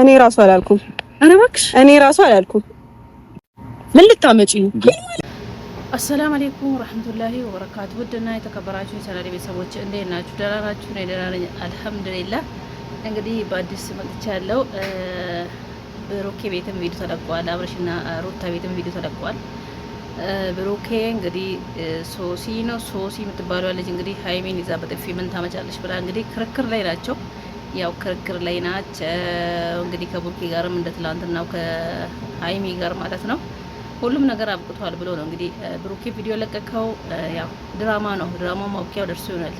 እኔ ራሱ አላልኩም። ኧረ እባክሽ እኔ ራሱ አላልኩም። ምን ልታመጪ ነው? አሰላም አለይኩም ወራህመቱላሂ ወበረካቱ። ውድና የተከበራችሁ የሰናዴ ቤተሰቦች እንዴት ናችሁ? ደህና ናችሁ? እኔ ደህና ነኝ አልሐምዱሊላህ። እንግዲህ በአዲስ መጥቻለሁ። ብሩኬ ቤትም ቪዲዮ ተለቋል። አብረሽና ሩታ ቤትም ቪዲዮ ተለቋል። ብሩኬ እንግዲህ ሶሲ ነው ሶሲ የምትባለው ልጅ እንግዲህ ሀይሜን ይዛ በጥፊ ምን ታመጫለሽ ብላ እንግዲህ ክርክር ላይ ናቸው። ያው ክርክር ላይ ናቸው እንግዲህ ከቡርኪ ጋርም እንደ ትላንትናው ከሀይሚ ጋር ማለት ነው። ሁሉም ነገር አብቅቷል ብሎ ነው እንግዲህ ብሩኬ ቪዲዮ ለቀቀው። ያው ድራማ ነው፣ ድራማው ማብቂያው ደርሶ ይሆናል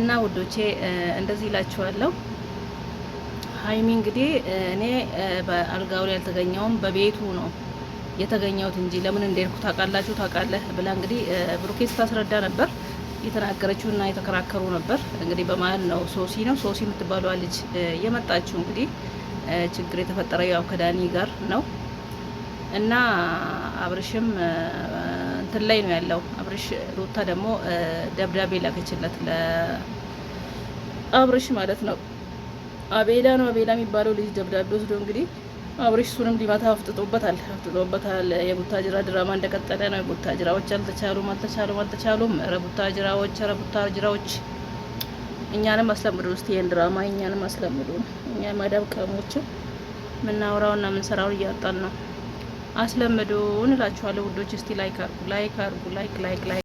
እና ውዶቼ እንደዚህ ይላችኋለሁ። ሀይሚ እንግዲህ እኔ በአልጋው ላይ አልተገኘውም በቤቱ ነው የተገኘሁት እንጂ ለምን እንደሄድኩ ታውቃላችሁ ታውቃለህ ብላ እንግዲህ ብሩኬ ስታስረዳ ነበር። የተናገረችው እና የተከራከሩ ነበር። እንግዲህ በመሀል ነው ሶሲ ነው ሶሲ የምትባለዋ ልጅ የመጣችው። እንግዲህ ችግር የተፈጠረው ያው ከዳኒ ጋር ነው እና አብርሽም እንትን ላይ ነው ያለው። አብርሽ ሩታ ደግሞ ደብዳቤ ላከችለት ለአብርሽ ማለት ነው። አቤላ ነው አቤላ የሚባለው ልጅ ደብዳቤ ወስዶ እንግዲህ አብሬሽ እሱንም ዲባታ አፍጥጦበታል አፍጥጦበታል። የቡታጅራ ድራማ እንደቀጠለ ነው። የቡታጅራዎች አልተቻሉም አልተቻሉም አልተቻሉም። ኧረ ቡታጅራዎች፣ ኧረ ቡታጅራዎች እኛንም አስለምዱ ውስጥ ይህን ድራማ እኛንም አስለምዱ። እኛ ማዳም ቀሞችም ምናወራውና ምንሰራውን እያጣን ነው። አስለምዱ እንላችኋለሁ ውዶች። እስቲ ላይክ አርጉ፣ ላይክ አርጉ፣ ላይክ ላይክ ላይክ